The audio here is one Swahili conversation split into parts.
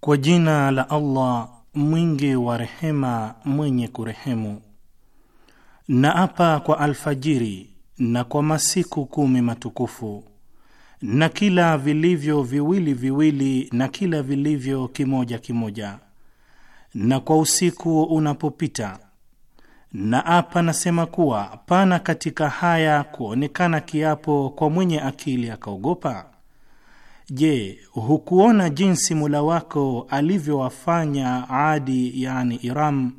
Kwa jina la Allah mwingi wa rehema, mwenye kurehemu. Naapa kwa alfajiri na kwa masiku kumi matukufu na kila vilivyo viwili viwili na kila vilivyo kimoja kimoja, na kwa usiku unapopita. Na apa nasema kuwa pana katika haya kuonekana kiapo kwa mwenye akili akaogopa. Je, hukuona jinsi mula wako alivyowafanya Adi, yani Iram,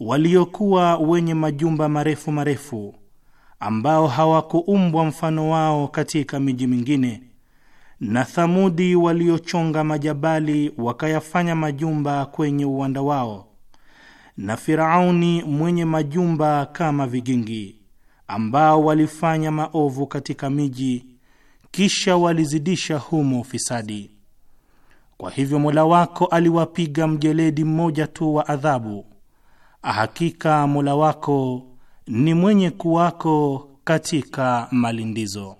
waliokuwa wenye majumba marefu marefu ambao hawakuumbwa mfano wao katika miji mingine, na Thamudi waliochonga majabali wakayafanya majumba kwenye uwanda wao, na Firauni mwenye majumba kama vigingi, ambao walifanya maovu katika miji, kisha walizidisha humo ufisadi. Kwa hivyo Mola wako aliwapiga mjeledi mmoja tu wa adhabu. Hakika Mola wako ni mwenye kuwako katika malindizo.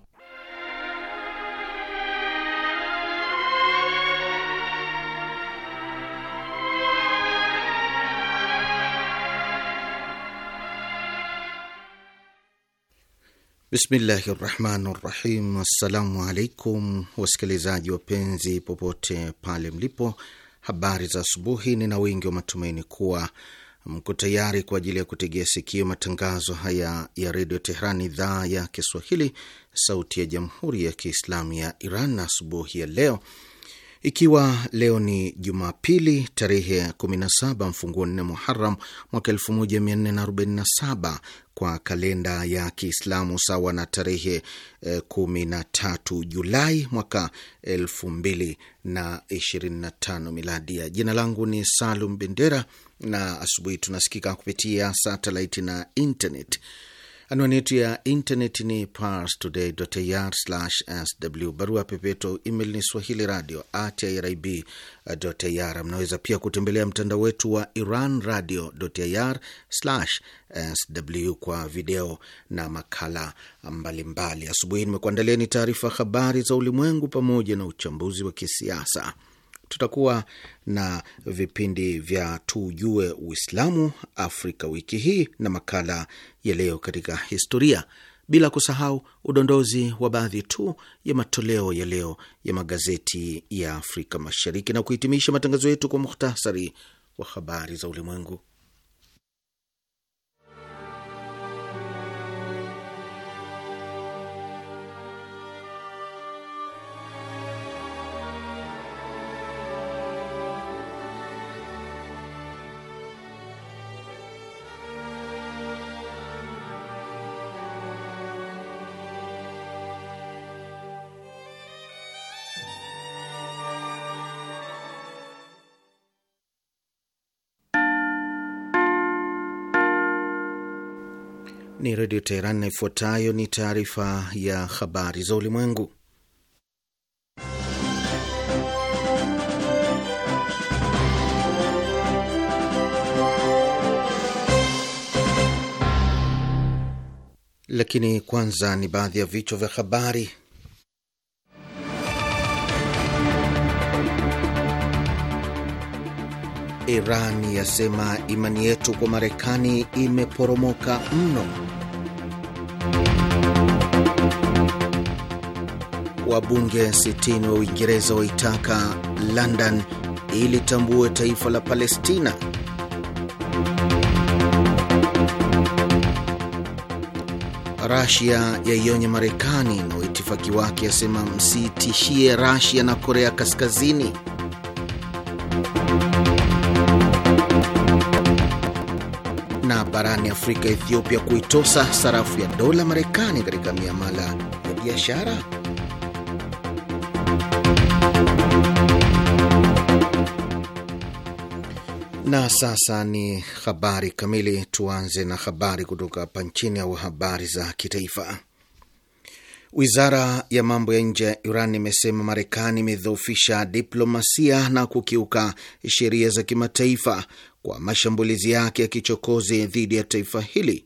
Bismillahi rahmani rahim. Assalamu alaikum wasikilizaji wapenzi, popote pale mlipo, habari za asubuhi. Nina wingi wa matumaini kuwa Mko tayari kwa ajili ya kutegea sikio matangazo haya ya redio Tehran, idhaa ya Kiswahili, sauti ya jamhuri ya kiislamu ya Iran, asubuhi ya leo, ikiwa leo ni Jumapili tarehe 17 mfunguo 4 Muharam mwaka 1447 kwa kalenda ya Kiislamu, sawa na tarehe 13 eh, Julai mwaka 2025 miladia. Jina langu ni Salum Bendera na asubuhi. Tunasikika kupitia satellite na internet. Anwani yetu ya internet ni parstoday.ir/sw. Barua pepeto email ni swahili radio at irib.ir. Mnaweza pia kutembelea mtandao wetu wa Iran radio.ir/sw kwa video na makala mbalimbali. Asubuhi nimekuandalia ni taarifa habari za ulimwengu pamoja na uchambuzi wa kisiasa tutakuwa na vipindi vya tujue Uislamu Afrika wiki hii na makala ya leo katika historia, bila kusahau udondozi wa baadhi tu ya matoleo ya leo ya magazeti ya Afrika Mashariki na kuhitimisha matangazo yetu kwa muhtasari wa habari za ulimwengu. ni Redio Teheran, na ifuatayo ni taarifa ya habari za ulimwengu. Lakini kwanza ni baadhi ya vichwa vya habari. Iran yasema imani yetu kwa Marekani imeporomoka mno. Wabunge 60 wa Uingereza waitaka London ili tambue taifa la Palestina. Rasia yaionye Marekani na uitifaki wake, yasema msiitishie Rasia na Korea Kaskazini. Na barani Afrika, Ethiopia kuitosa sarafu ya dola Marekani katika miamala ya biashara. Na sasa ni habari kamili. Tuanze na habari kutoka hapa nchini au habari za kitaifa. Wizara ya mambo ya nje ya Iran imesema Marekani imedhoofisha diplomasia na kukiuka sheria za kimataifa kwa mashambulizi yake ya kichokozi dhidi ya taifa hili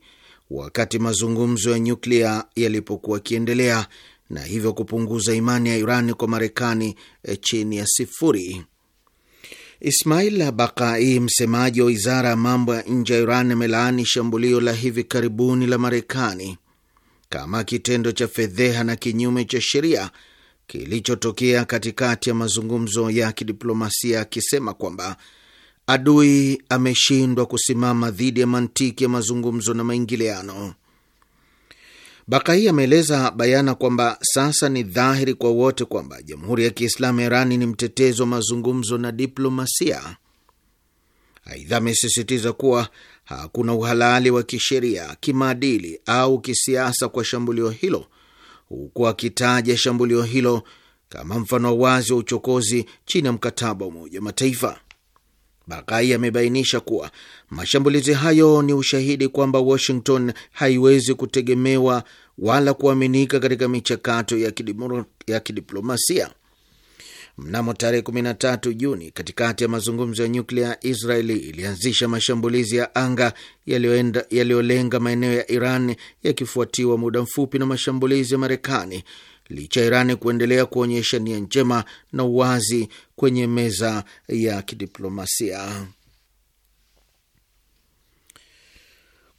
wakati mazungumzo ya nyuklia yalipokuwa akiendelea na hivyo kupunguza imani ya Iran kwa Marekani eh, chini ya sifuri. Ismail Bakai, msemaji wa wizara ya mambo ya nje ya Iran, amelaani shambulio la hivi karibuni la Marekani kama kitendo cha fedheha na kinyume cha sheria kilichotokea katikati ya mazungumzo ya kidiplomasia, akisema kwamba adui ameshindwa kusimama dhidi ya mantiki ya mazungumzo na maingiliano. Bakai ameeleza bayana kwamba sasa ni dhahiri kwa wote kwamba Jamhuri ya Kiislamu ya Irani ni mtetezi wa mazungumzo na diplomasia. Aidha, amesisitiza kuwa hakuna uhalali wa kisheria, kimaadili au kisiasa kwa shambulio hilo, huku akitaja shambulio hilo kama mfano wazi wa uchokozi chini ya mkataba wa Umoja Mataifa. Bakai amebainisha kuwa mashambulizi hayo ni ushahidi kwamba Washington haiwezi kutegemewa wala kuaminika katika michakato ya, ya kidiplomasia. Mnamo tarehe 13 Juni, katikati ya mazungumzo ya nyuklia, Israeli ilianzisha mashambulizi ya anga yaliyolenga maeneo ya Iran, yakifuatiwa muda mfupi na mashambulizi ya Marekani licha ya Irani kuendelea kuonyesha nia njema na uwazi kwenye meza ya kidiplomasia.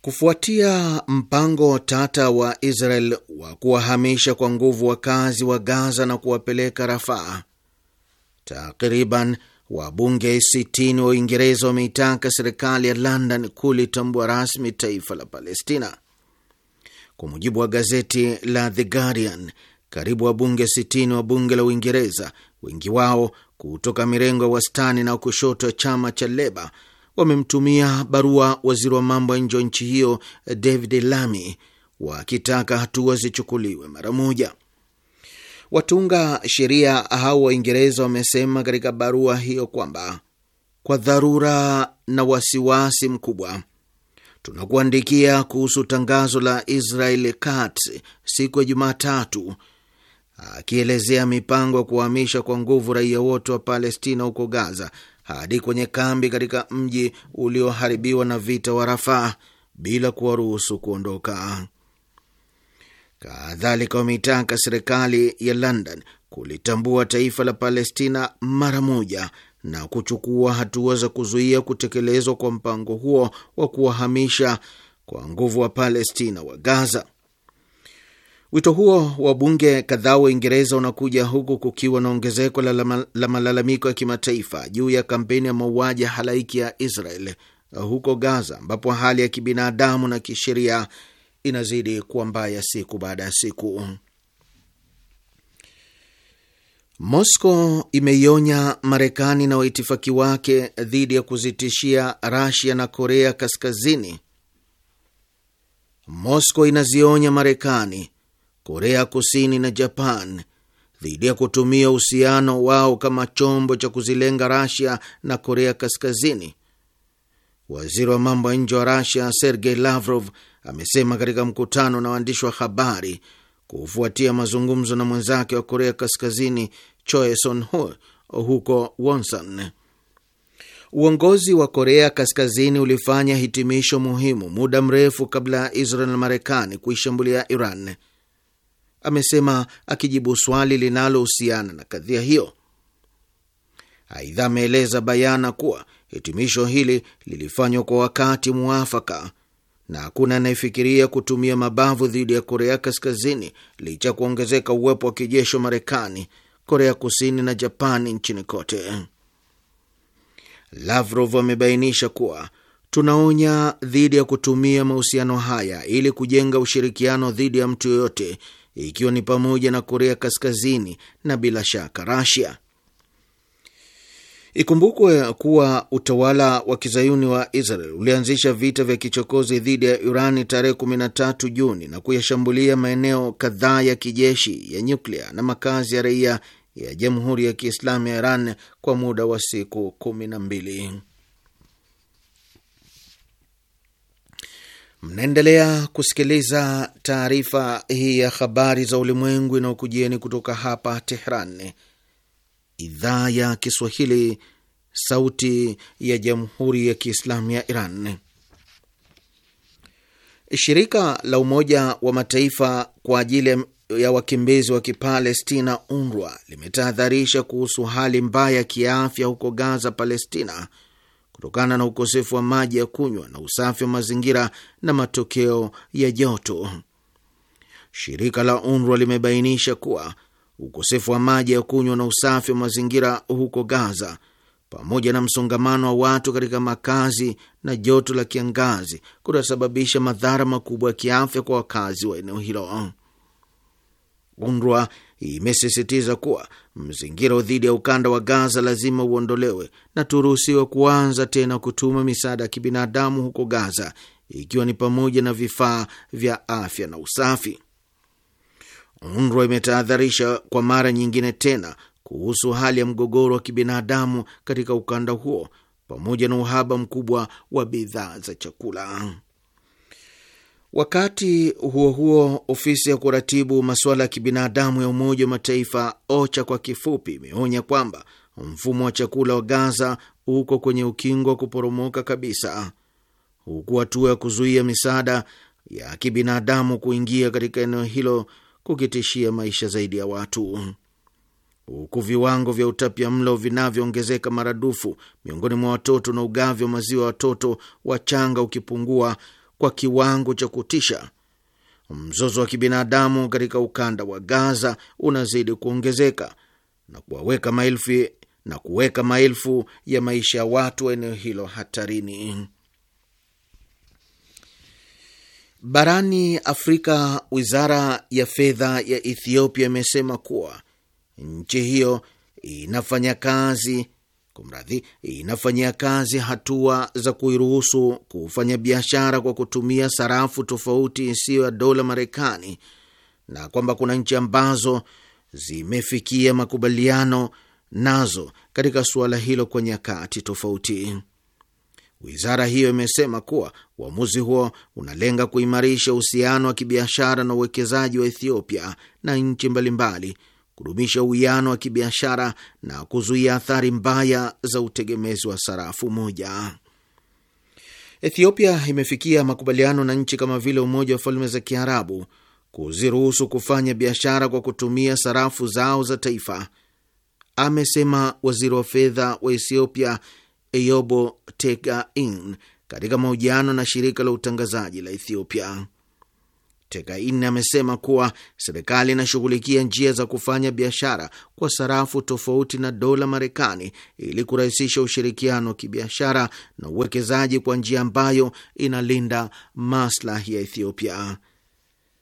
Kufuatia mpango tata wa Israel wa kuwahamisha kwa nguvu wakazi wa Gaza na kuwapeleka Rafaa, takriban wabunge 60 wa Uingereza wameitaka serikali ya London kulitambua rasmi taifa la Palestina. Kwa mujibu wa gazeti la The Guardian, karibu wabunge 60 wa bunge la Uingereza, wengi wao kutoka mirengo ya wastani na kushoto ya chama cha Leba, wamemtumia barua waziri wa mambo ya nje wa nchi hiyo David Lammy wakitaka hatua zichukuliwe mara moja. Watunga sheria hao Waingereza wamesema katika barua hiyo kwamba kwa dharura na wasiwasi mkubwa tunakuandikia kuhusu tangazo la Israel Katz siku ya Jumatatu akielezea mipango ya kuwahamisha kwa nguvu raia wote wa Palestina huko Gaza hadi kwenye kambi katika mji ulioharibiwa na vita wa Rafaa bila kuwaruhusu kuondoka. Kadhalika wameitaka serikali ya London kulitambua taifa la Palestina mara moja na kuchukua hatua za kuzuia kutekelezwa kwa mpango huo wa kuwahamisha kwa nguvu wa Palestina wa Gaza. Wito huo wa bunge kadhaa wa Uingereza unakuja huku kukiwa na ongezeko la malalamiko ya kimataifa juu ya kampeni ya mauaji halaiki ya Israel huko Gaza, ambapo hali ya kibinadamu na kisheria inazidi kuwa mbaya siku baada ya siku. Moscow imeionya Marekani na waitifaki wake dhidi ya kuzitishia Rasia na Korea Kaskazini. Moscow inazionya Marekani Korea Kusini na Japan dhidi ya kutumia uhusiano wao kama chombo cha kuzilenga Rasia na Korea Kaskazini. Waziri wa mambo ya nje wa Rasia Sergei Lavrov amesema katika mkutano na waandishi wa habari kufuatia mazungumzo na mwenzake wa Korea Kaskazini Choe Son Hu huko Wonsan. Uongozi wa Korea Kaskazini ulifanya hitimisho muhimu muda mrefu kabla ya Israel na Marekani kuishambulia Iran amesema akijibu swali linalohusiana na kadhia hiyo. Aidha, ameeleza bayana kuwa hitimisho hili lilifanywa kwa wakati mwafaka na hakuna anayefikiria kutumia mabavu dhidi ya Korea Kaskazini licha kuongezeka uwepo wa kijeshi wa Marekani, Korea Kusini na Japani nchini kote. Lavrov amebainisha kuwa tunaonya dhidi ya kutumia mahusiano haya ili kujenga ushirikiano dhidi ya mtu yoyote ikiwa ni pamoja na Korea Kaskazini na bila shaka Rasia. Ikumbukwe kuwa utawala wa kizayuni wa Israel ulianzisha vita vya kichokozi dhidi ya Irani tarehe 13 Juni na kuyashambulia maeneo kadhaa ya kijeshi ya nyuklia na makazi ya raia ya Jamhuri ya Kiislamu ya Iran kwa muda wa siku kumi na mbili. Mnaendelea kusikiliza taarifa hii ya habari za ulimwengu inayokujieni kutoka hapa Tehran, idhaa ya Kiswahili, sauti ya jamhuri ya kiislamu ya Iran. Shirika la Umoja wa Mataifa kwa ajili ya wakimbizi wa Kipalestina, UNRWA, limetahadharisha kuhusu hali mbaya ya kiafya huko Gaza, Palestina kutokana na ukosefu wa maji ya kunywa na usafi wa mazingira na matokeo ya joto. Shirika la UNRWA limebainisha kuwa ukosefu wa maji ya kunywa na usafi wa mazingira huko Gaza pamoja na msongamano wa watu katika makazi na joto la kiangazi kutasababisha madhara makubwa ya kiafya kwa wakazi wa eneo hilo. UNRWA imesisitiza kuwa Mzingiro dhidi ya ukanda wa Gaza lazima uondolewe na turuhusiwe kuanza tena kutuma misaada ya kibinadamu huko Gaza, ikiwa ni pamoja na vifaa vya afya na usafi. UNRWA imetahadharisha kwa mara nyingine tena kuhusu hali ya mgogoro wa kibinadamu katika ukanda huo pamoja na uhaba mkubwa wa bidhaa za chakula. Wakati huo huo, ofisi ya kuratibu masuala ya kibinadamu ya Umoja wa Mataifa, OCHA kwa kifupi, imeonya kwamba mfumo wa chakula wa Gaza uko kwenye ukingo wa kuporomoka kabisa, huku hatua ya kuzuia misaada ya kibinadamu kuingia katika eneo hilo kukitishia maisha zaidi ya watu, huku viwango vya utapia mlo vinavyoongezeka maradufu miongoni mwa watoto na ugavi wa maziwa ya watoto wachanga ukipungua kwa kiwango cha kutisha. Mzozo wa kibinadamu katika ukanda wa Gaza unazidi kuongezeka na kuwaweka maelfu na kuweka maelfu ya maisha ya watu wa eneo hilo hatarini. Barani Afrika, wizara ya fedha ya Ethiopia imesema kuwa nchi hiyo inafanya kazi kumradhi, inafanyia kazi hatua za kuiruhusu kufanya biashara kwa kutumia sarafu tofauti isiyo ya dola Marekani, na kwamba kuna nchi ambazo zimefikia makubaliano nazo katika suala hilo kwa nyakati tofauti. Wizara hiyo imesema kuwa uamuzi huo unalenga kuimarisha uhusiano wa kibiashara na uwekezaji wa Ethiopia na nchi mbalimbali kudumisha uwiano wa kibiashara na kuzuia athari mbaya za utegemezi wa sarafu moja. Ethiopia imefikia makubaliano na nchi kama vile Umoja wa Falme za Kiarabu kuziruhusu kufanya biashara kwa kutumia sarafu zao za taifa, amesema waziri wa fedha wa Ethiopia Eyobo Tegain katika mahojiano na shirika la utangazaji la Ethiopia. Tegaini amesema kuwa serikali inashughulikia njia za kufanya biashara kwa sarafu tofauti na dola Marekani ili kurahisisha ushirikiano wa kibiashara na uwekezaji kwa njia ambayo inalinda maslahi ya Ethiopia.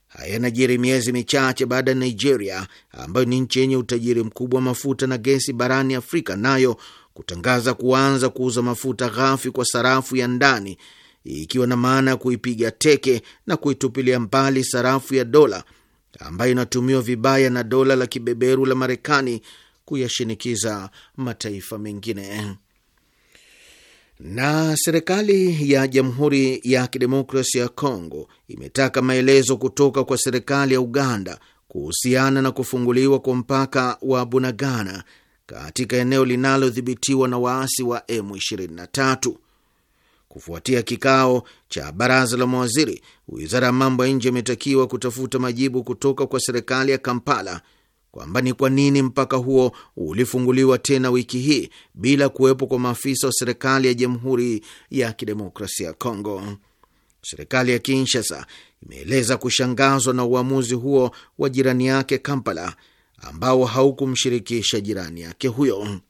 Haya yanajiri miezi michache baada ya Nigeria, ambayo ni nchi yenye utajiri mkubwa wa mafuta na gesi barani Afrika, nayo kutangaza kuanza kuuza mafuta ghafi kwa sarafu ya ndani ikiwa na maana ya kuipiga teke na kuitupilia mbali sarafu ya dola ambayo inatumiwa vibaya na dola la kibeberu la Marekani kuyashinikiza mataifa mengine. Na serikali ya Jamhuri ya Kidemokrasia ya Kongo imetaka maelezo kutoka kwa serikali ya Uganda kuhusiana na kufunguliwa kwa mpaka wa Bunagana katika eneo linalodhibitiwa na waasi wa M23. Kufuatia kikao cha baraza la mawaziri, wizara ya mambo ya nje imetakiwa kutafuta majibu kutoka kwa serikali ya Kampala kwamba ni kwa nini mpaka huo ulifunguliwa tena wiki hii bila kuwepo kwa maafisa wa serikali ya Jamhuri ya Kidemokrasia ya Kongo. Serikali ya Kinshasa imeeleza kushangazwa na uamuzi huo wa jirani yake Kampala ambao haukumshirikisha jirani yake huyo.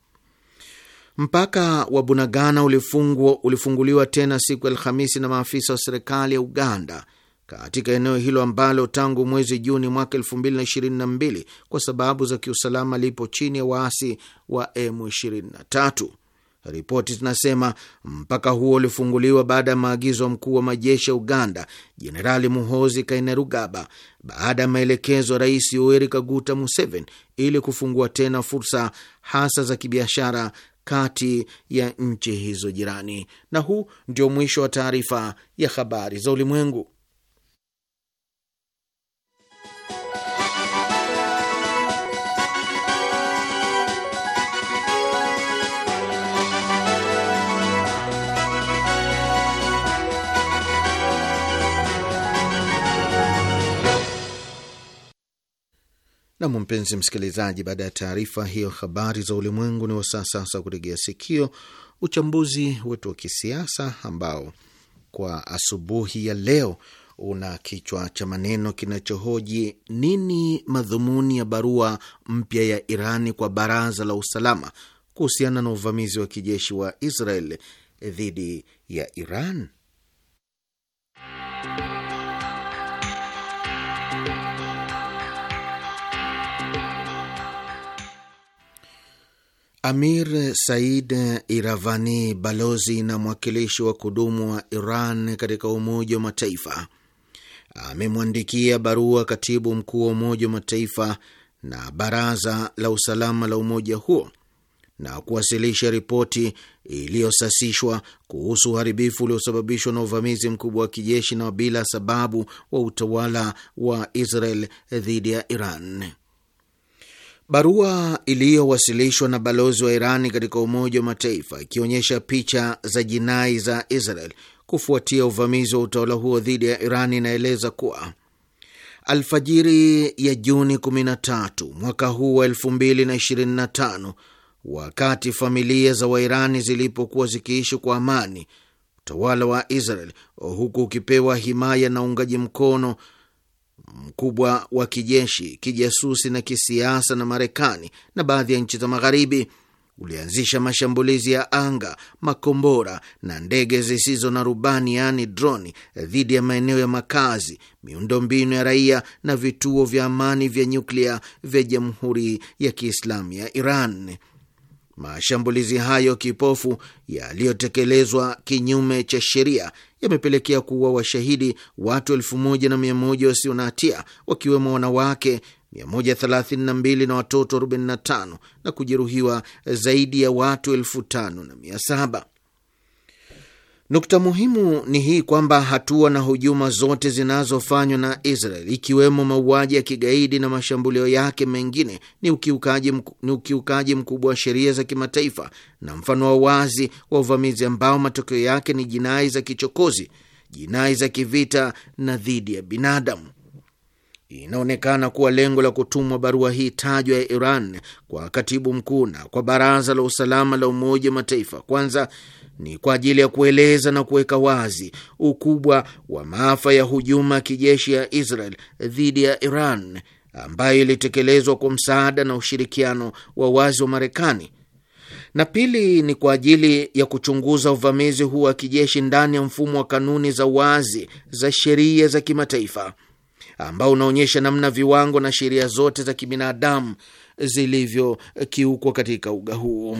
Mpaka wa Bunagana ulifungwa, ulifunguliwa tena siku ya Alhamisi na maafisa wa serikali ya Uganda katika eneo hilo ambalo tangu mwezi Juni mwaka 2022 kwa sababu za kiusalama lipo chini ya waasi wa M23. Ripoti zinasema mpaka huo ulifunguliwa baada ya maagizo ya mkuu wa majeshi ya Uganda Jenerali Muhozi Kainerugaba baada ya maelekezo ya Rais Yoweri Kaguta Museveni ili kufungua tena fursa hasa za kibiashara kati ya nchi hizo jirani. Na huu ndio mwisho wa taarifa ya habari za ulimwengu. Nam, mpenzi msikilizaji, baada ya taarifa hiyo habari za ulimwengu, ni wasaa sasa kuregea sikio uchambuzi wetu wa kisiasa ambao kwa asubuhi ya leo una kichwa cha maneno kinachohoji nini madhumuni ya barua mpya ya Irani kwa Baraza la Usalama kuhusiana na uvamizi wa kijeshi wa Israel dhidi ya Iran. Amir Said Iravani, balozi na mwakilishi wa kudumu wa Iran katika Umoja wa Mataifa, amemwandikia barua katibu mkuu wa Umoja wa Mataifa na Baraza la Usalama la umoja huo na kuwasilisha ripoti iliyosasishwa kuhusu uharibifu uliosababishwa na uvamizi mkubwa wa kijeshi na bila sababu wa utawala wa Israel dhidi ya Iran. Barua iliyowasilishwa na balozi wa Irani katika Umoja wa Mataifa ikionyesha picha za jinai za Israel kufuatia uvamizi wa utawala huo dhidi ya Iran inaeleza kuwa alfajiri ya Juni 13 mwaka huu wa 2025, wakati familia za Wairani zilipokuwa zikiishi kwa amani, utawala wa Israel huku ukipewa himaya na uungaji mkono mkubwa wa kijeshi, kijasusi na kisiasa na Marekani na baadhi ya nchi za Magharibi ulianzisha mashambulizi ya anga, makombora na ndege zisizo na rubani, yaani droni, dhidi ya maeneo ya makazi, miundombinu ya raia na vituo vya amani vya nyuklia vya Jamhuri ya Kiislamu ya Iran. Mashambulizi hayo kipofu yaliyotekelezwa kinyume cha sheria yamepelekea kuua washahidi watu elfu moja na mia moja wasio na hatia wakiwemo wanawake 132 na watoto 45 na kujeruhiwa zaidi ya watu elfu tano na mia saba. Nukta muhimu ni hii kwamba hatua na hujuma zote zinazofanywa na Israel ikiwemo mauaji ya kigaidi na mashambulio yake mengine ni ukiukaji, mku, ni ukiukaji mkubwa wa sheria za kimataifa na mfano wa wazi wa uvamizi ambao matokeo yake ni jinai za kichokozi, jinai za kivita na dhidi ya binadamu. Inaonekana kuwa lengo la kutumwa barua hii tajwa ya Iran kwa katibu mkuu na kwa Baraza la Usalama la Umoja wa Mataifa kwanza ni kwa ajili ya kueleza na kuweka wazi ukubwa wa maafa ya hujuma kijeshi ya Israel dhidi ya Iran ambayo ilitekelezwa kwa msaada na ushirikiano wa wazi wa Marekani, na pili ni kwa ajili ya kuchunguza uvamizi huu wa kijeshi ndani ya mfumo wa kanuni za wazi za sheria za kimataifa ambao unaonyesha namna viwango na sheria zote za kibinadamu zilivyokiukwa katika uga huu.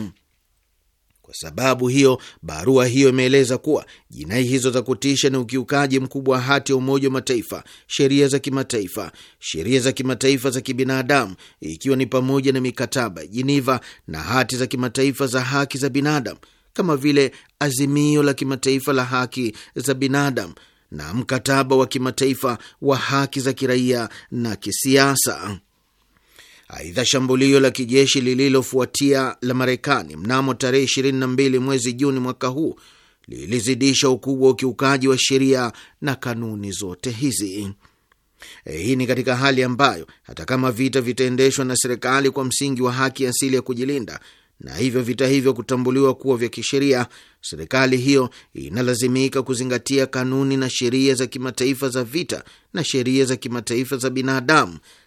Kwa sababu hiyo, barua hiyo imeeleza kuwa jinai hizo za kutisha ni ukiukaji mkubwa wa hati ya Umoja wa Mataifa, sheria za kimataifa, sheria za kimataifa za kibinadamu, ikiwa ni pamoja na mikataba Jiniva na hati za kimataifa za haki za binadamu kama vile Azimio la Kimataifa la Haki za Binadamu na mkataba wa kimataifa wa haki za kiraia na kisiasa. Aidha, shambulio la kijeshi lililofuatia la Marekani mnamo tarehe 22 mwezi Juni mwaka huu lilizidisha ukubwa wa ukiukaji wa sheria na kanuni zote hizi. E, hii ni katika hali ambayo hata kama vita vitaendeshwa na serikali kwa msingi wa haki asili ya kujilinda na hivyo vita hivyo kutambuliwa kuwa vya kisheria, serikali hiyo inalazimika kuzingatia kanuni na sheria za kimataifa za vita na sheria za kimataifa za binadamu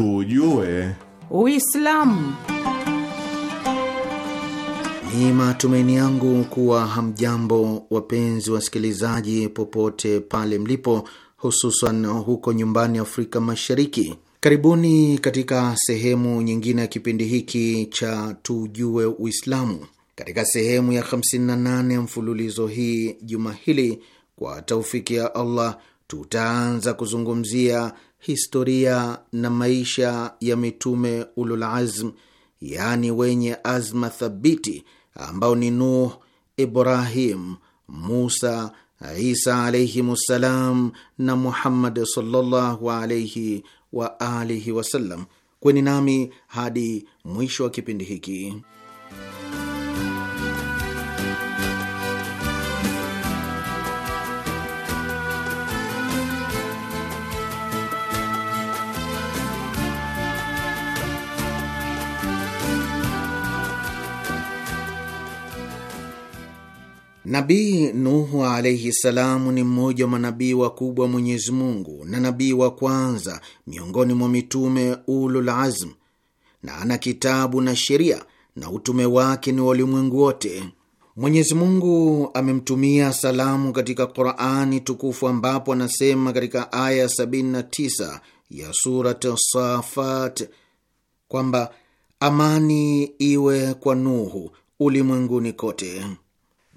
tujue Uislamu. Ni matumaini yangu kuwa hamjambo, wapenzi wasikilizaji, popote pale mlipo, hususan huko nyumbani Afrika Mashariki. Karibuni katika sehemu nyingine ya kipindi hiki cha tujue Uislamu, katika sehemu ya 58 ya mfululizo hii. Juma hili kwa taufiki ya Allah tutaanza kuzungumzia historia na maisha ya mitume ululazm, yaani wenye azma thabiti, ambao ni Nuh, Ibrahim, Musa, Isa ssalam na Muhammad sallallahu alaihi wa alihi wasallam. Kweni nami hadi mwisho wa kipindi hiki. Nabii Nuhu alaihi salamu ni mmoja wa manabii wakubwa wa Mwenyezi Mungu na nabii wa kwanza miongoni mwa mitume ulul azm, na ana kitabu na sheria na utume wake ni wa ulimwengu wote. Mwenyezi Mungu amemtumia salamu katika Qurani tukufu ambapo anasema katika aya 79 ya Surat Safat kwamba amani iwe kwa Nuhu ulimwenguni kote.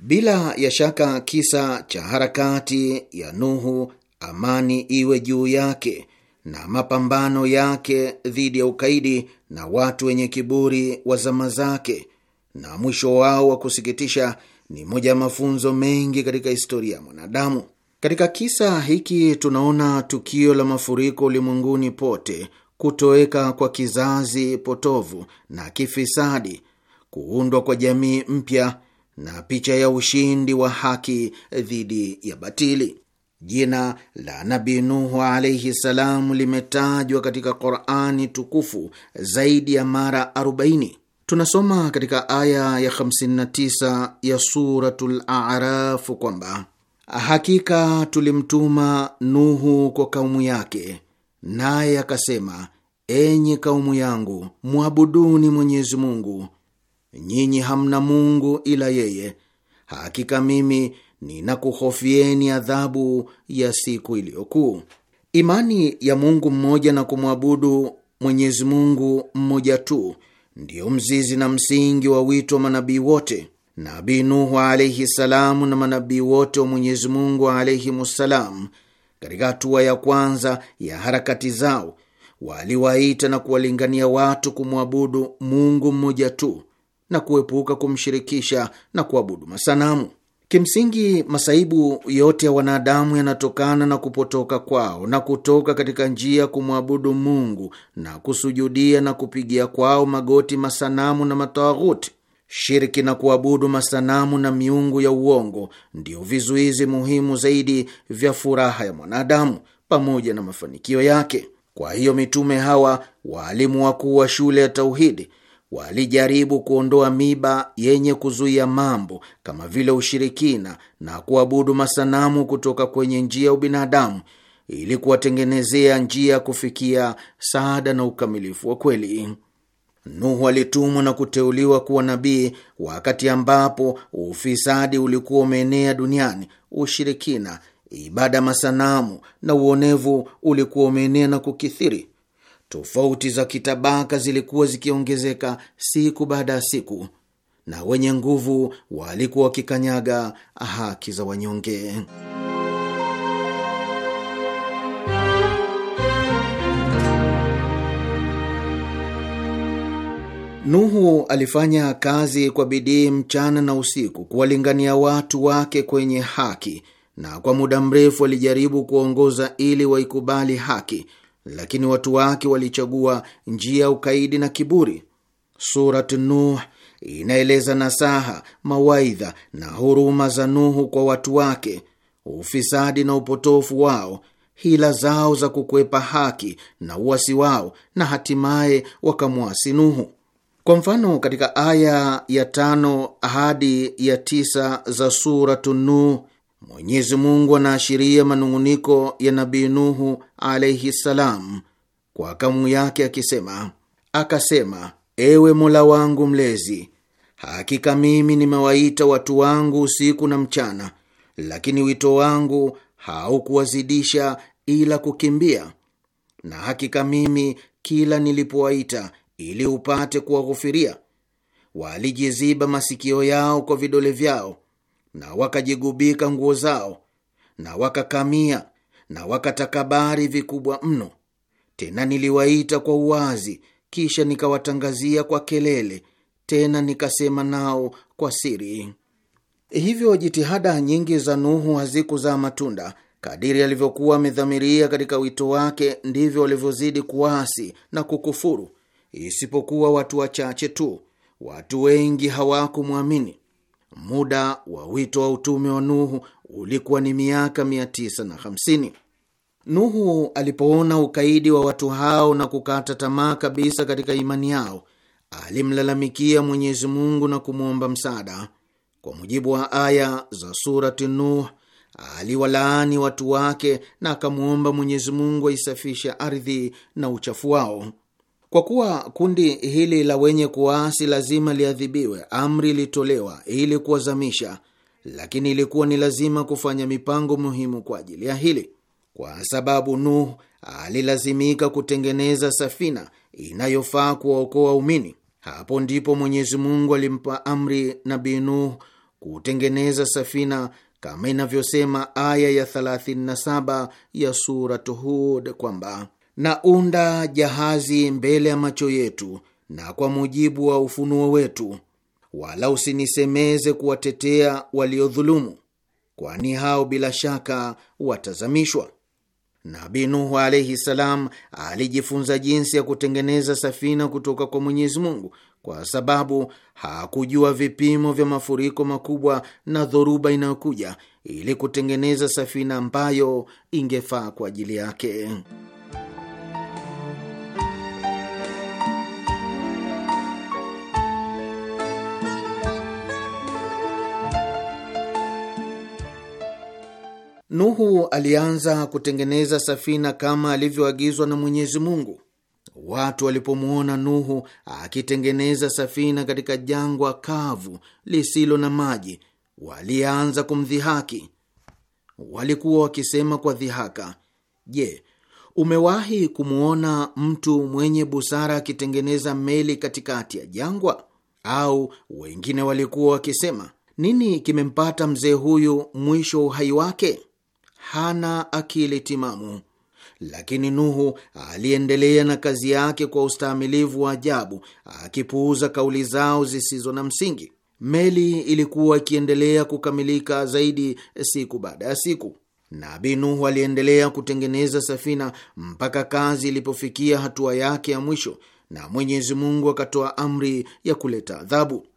Bila ya shaka kisa cha harakati ya Nuhu, amani iwe juu yake, na mapambano yake dhidi ya ukaidi na watu wenye kiburi wa zama zake na mwisho wao wa kusikitisha ni moja ya mafunzo mengi katika historia ya mwanadamu. Katika kisa hiki tunaona tukio la mafuriko ulimwenguni pote, kutoweka kwa kizazi potovu na kifisadi, kuundwa kwa jamii mpya na picha ya ushindi wa haki dhidi ya batili. Jina la Nabi Nuhu alaihi salam limetajwa katika Qurani tukufu zaidi ya mara 40. Tunasoma katika aya ya 59 ya Suratul Arafu kwamba hakika tulimtuma Nuhu kwa kaumu yake, naye akasema, enyi kaumu yangu, mwabuduni Mwenyezi Mungu nyinyi hamna Mungu ila yeye, hakika mimi ninakuhofieni adhabu ya siku iliyokuu. Imani ya Mungu mmoja na kumwabudu Mwenyezi Mungu mmoja tu ndiyo mzizi na msingi wa wito wa manabii wote. Nabii Nuhu alaihi salamu na manabii wote wa Mwenyezi Mungu alaihimussalam, katika hatua ya kwanza ya harakati zao, waliwaita na kuwalingania watu kumwabudu Mungu mmoja tu na kuepuka kumshirikisha na kuabudu masanamu. Kimsingi, masaibu yote ya wanadamu yanatokana na kupotoka kwao na kutoka katika njia ya kumwabudu Mungu na kusujudia na kupigia kwao magoti masanamu na matawaguti. Shirki na kuabudu masanamu na miungu ya uongo ndio vizuizi muhimu zaidi vya furaha ya mwanadamu pamoja na mafanikio yake. Kwa hiyo mitume hawa, waalimu wakuu wa shule ya tauhidi walijaribu kuondoa miba yenye kuzuia mambo kama vile ushirikina na kuabudu masanamu kutoka kwenye njia ya ubinadamu ili kuwatengenezea njia ya kufikia saada na ukamilifu wa kweli. Nuhu alitumwa na kuteuliwa kuwa nabii wakati ambapo ufisadi ulikuwa umeenea duniani. Ushirikina, ibada masanamu na uonevu ulikuwa umeenea na kukithiri tofauti za kitabaka zilikuwa zikiongezeka siku baada ya siku, na wenye nguvu walikuwa wakikanyaga haki za wanyonge. Nuhu alifanya kazi kwa bidii mchana na usiku kuwalingania watu wake kwenye haki, na kwa muda mrefu alijaribu kuwaongoza ili waikubali haki lakini watu wake walichagua njia ya ukaidi na kiburi. Surat Nuh inaeleza nasaha, mawaidha na huruma za Nuhu kwa watu wake, ufisadi na upotofu wao, hila zao za kukwepa haki na uasi wao, na hatimaye wakamwasi Nuhu. Kwa mfano, katika aya ya tano hadi ya tisa za Suratu Nuh Mwenyezi Mungu anaashiria manung'uniko ya Nabii Nuhu alaihi ssalam kwa kamu yake akisema, akasema: ewe Mola wangu Mlezi, hakika mimi nimewaita watu wangu usiku na mchana, lakini wito wangu haukuwazidisha ila kukimbia, na hakika mimi kila nilipowaita ili upate kuwaghufiria, walijiziba masikio yao kwa vidole vyao na wakajigubika nguo zao na wakakamia na wakatakabari vikubwa mno. Tena niliwaita kwa uwazi, kisha nikawatangazia kwa kelele, tena nikasema nao kwa siri. Hivyo jitihada nyingi za Nuhu hazikuzaa matunda. Kadiri alivyokuwa amedhamiria katika wito wake, ndivyo walivyozidi kuasi na kukufuru, isipokuwa watu wachache tu. Watu wengi hawakumwamini. Muda wa wito wa utume wa Nuhu ulikuwa ni miaka 950. Nuhu alipoona ukaidi wa watu hao na kukata tamaa kabisa katika imani yao, alimlalamikia Mwenyezi Mungu na kumwomba msaada. Kwa mujibu wa aya za surati Nuh, aliwalaani watu wake na akamwomba Mwenyezi Mungu aisafishe ardhi na uchafu wao. Kwa kuwa kundi hili la wenye kuwaasi lazima liadhibiwe, amri ilitolewa ili kuwazamisha, lakini ilikuwa ni lazima kufanya mipango muhimu kwa ajili ya hili, kwa sababu Nuh alilazimika kutengeneza safina inayofaa kuwaokoa waumini. Hapo ndipo Mwenyezi Mungu alimpa amri Nabii Nuh kutengeneza safina kama inavyosema aya ya 37 ya Suratu Hud kwamba na unda jahazi mbele ya macho yetu na kwa mujibu wa ufunuo wetu, wala usinisemeze kuwatetea waliodhulumu, kwani hao bila shaka watazamishwa. nabi Nuhu alaihi salam alijifunza jinsi ya kutengeneza safina kutoka kwa Mwenyezi Mungu kwa sababu hakujua vipimo vya mafuriko makubwa na dhoruba inayokuja, ili kutengeneza safina ambayo ingefaa kwa ajili yake. Nuhu alianza kutengeneza safina kama alivyoagizwa na Mwenyezi Mungu. Watu walipomwona Nuhu akitengeneza safina katika jangwa kavu lisilo na maji, walianza kumdhihaki. Walikuwa wakisema kwa dhihaka, je, umewahi kumwona mtu mwenye busara akitengeneza meli katikati ya jangwa? Au wengine walikuwa wakisema, nini kimempata mzee huyu mwisho uhai wake? hana akili timamu. Lakini Nuhu aliendelea na kazi yake kwa ustaamilivu wa ajabu, akipuuza kauli zao zisizo na msingi. Meli ilikuwa ikiendelea kukamilika zaidi siku baada ya siku. Nabii Nuhu aliendelea kutengeneza safina mpaka kazi ilipofikia hatua yake ya mwisho, na Mwenyezi Mungu akatoa amri ya kuleta adhabu.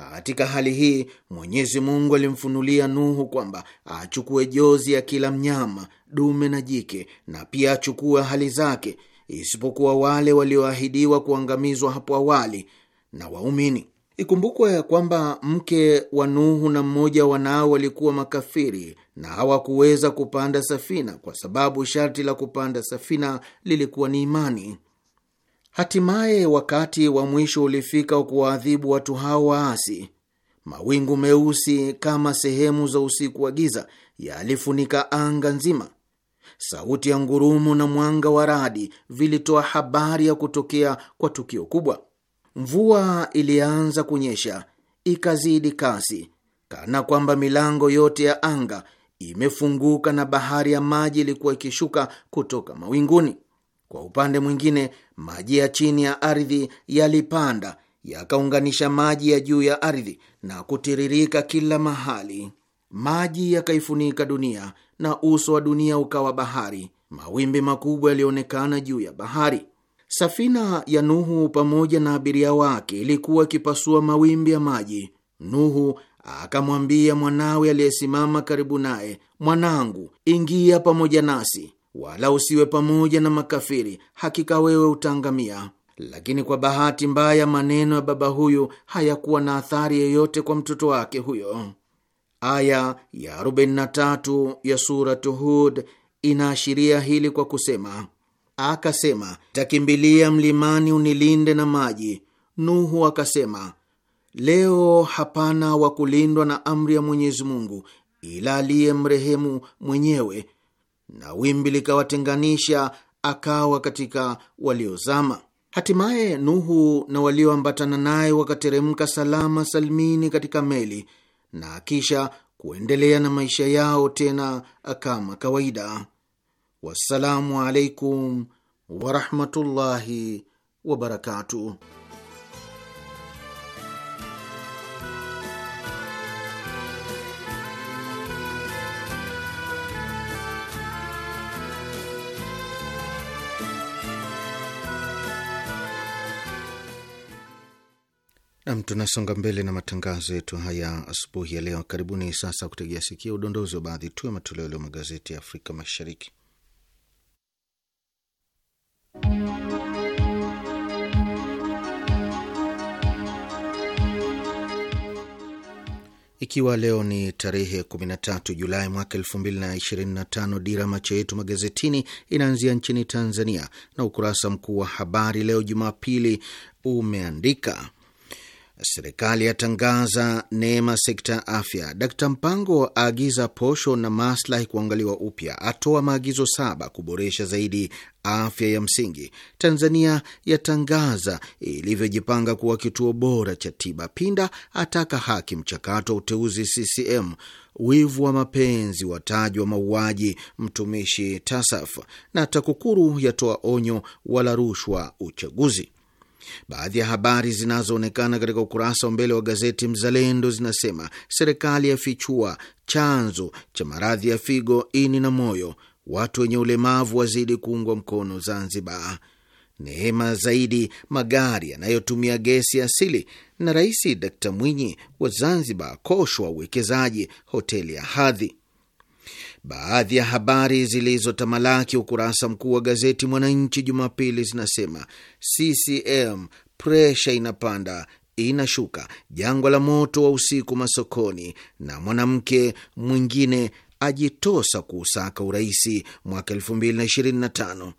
Katika hali hii Mwenyezi Mungu alimfunulia Nuhu kwamba achukue jozi ya kila mnyama dume na jike, na pia achukue hali zake, isipokuwa wale walioahidiwa kuangamizwa hapo awali na waumini. Ikumbukwe ya kwamba mke wa Nuhu na mmoja wanao walikuwa makafiri na hawakuweza kupanda safina, kwa sababu sharti la kupanda safina lilikuwa ni imani. Hatimaye wakati wa mwisho ulifika wa kuwaadhibu watu hao waasi. Mawingu meusi kama sehemu za usiku wa giza yalifunika anga nzima. Sauti ya ngurumo na mwanga wa radi vilitoa habari ya kutokea kwa tukio kubwa. Mvua ilianza kunyesha, ikazidi kasi, kana kwamba milango yote ya anga imefunguka na bahari ya maji ilikuwa ikishuka kutoka mawinguni. Kwa upande mwingine, maji ya chini ya ardhi yalipanda yakaunganisha maji ya juu ya ardhi na kutiririka kila mahali. Maji yakaifunika dunia na uso wa dunia ukawa bahari. Mawimbi makubwa yalionekana juu ya bahari. Safina ya Nuhu pamoja na abiria wake ilikuwa ikipasua mawimbi ya maji. Nuhu akamwambia mwanawe aliyesimama karibu naye, mwanangu, ingia pamoja nasi wala usiwe pamoja na makafiri, hakika wewe utaangamia. Lakini kwa bahati mbaya, maneno ya baba huyu hayakuwa na athari yoyote kwa mtoto wake huyo. Aya ya 43 ya suratu Hud inaashiria hili kwa kusema, akasema takimbilia mlimani unilinde na maji. Nuhu akasema leo hapana wa kulindwa na amri ya Mwenyezi Mungu ila aliye mrehemu mwenyewe na wimbi likawatenganisha, akawa katika waliozama. Hatimaye Nuhu na walioambatana naye wakateremka salama salmini katika meli na kisha kuendelea na maisha yao tena kama kawaida. Wassalamu alaikum warahmatullahi wabarakatuh. Nam, tunasonga mbele na matangazo yetu haya asubuhi ya leo. Karibuni sasa kutegea sikia udondozi wa baadhi tu ya matoleo leo magazeti ya Afrika Mashariki. Ikiwa leo ni tarehe 13 Julai mwaka 2025, dira macho yetu magazetini inaanzia nchini Tanzania, na ukurasa mkuu wa habari leo Jumapili umeandika Serikali yatangaza neema sekta ya afya. Dkt Mpango aagiza posho na maslahi kuangaliwa upya, atoa maagizo saba kuboresha zaidi afya ya msingi. Tanzania yatangaza ilivyojipanga kuwa kituo bora cha tiba. Pinda ataka haki mchakato wa uteuzi CCM. Wivu wa mapenzi watajwa mauaji mtumishi TASAF, na TAKUKURU yatoa onyo wala rushwa uchaguzi. Baadhi ya habari zinazoonekana katika ukurasa wa mbele wa gazeti Mzalendo zinasema serikali yafichua chanzo cha maradhi ya figo, ini na moyo, watu wenye ulemavu wazidi kuungwa mkono Zanzibar, neema zaidi magari yanayotumia gesi asili, na Rais Dkt Mwinyi wa Zanzibar koshwa uwekezaji hoteli ya hadhi. Baadhi ya habari zilizotamalaki ukurasa mkuu wa gazeti Mwananchi Jumapili zinasema CCM presha inapanda inashuka, jangwa la moto wa usiku masokoni, na mwanamke mwingine ajitosa kuusaka uraisi mwaka 2025.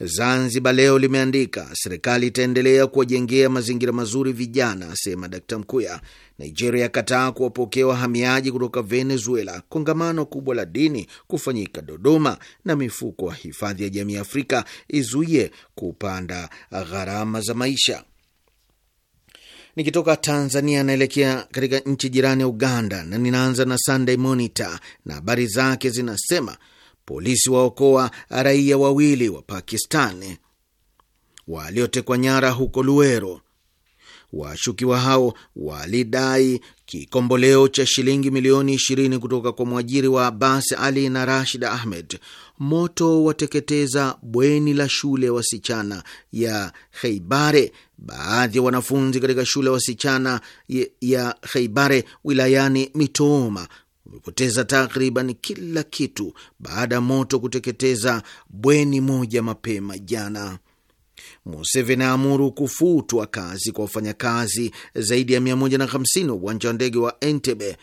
Zanzibar Leo limeandika serikali itaendelea kuwajengea mazingira mazuri vijana, asema Dkt Mkuya. Nigeria yakataa kuwapokea wahamiaji kutoka Venezuela. Kongamano kubwa la dini kufanyika Dodoma, na mifuko ya hifadhi ya jamii Afrika izuie kupanda gharama za maisha. Nikitoka Tanzania anaelekea katika nchi jirani ya Uganda, na ninaanza na Sunday Monitor na habari zake zinasema polisi waokoa raia wawili wa Pakistani waliotekwa nyara huko Luero. Washukiwa hao walidai kikomboleo cha shilingi milioni 20 kutoka kwa mwajiri wa Abbas Ali na Rashid Ahmed. Moto wateketeza bweni la shule ya wasichana ya Kheibare. Baadhi ya wanafunzi katika shule ya wasichana ya Kheibare wilayani Mitooma umepoteza takriban kila kitu baada ya moto kuteketeza bweni moja mapema jana. Museveni aamuru kufutwa kazi kwa wafanyakazi zaidi ya 150 wa uwanja wa ndege wa Entebbe.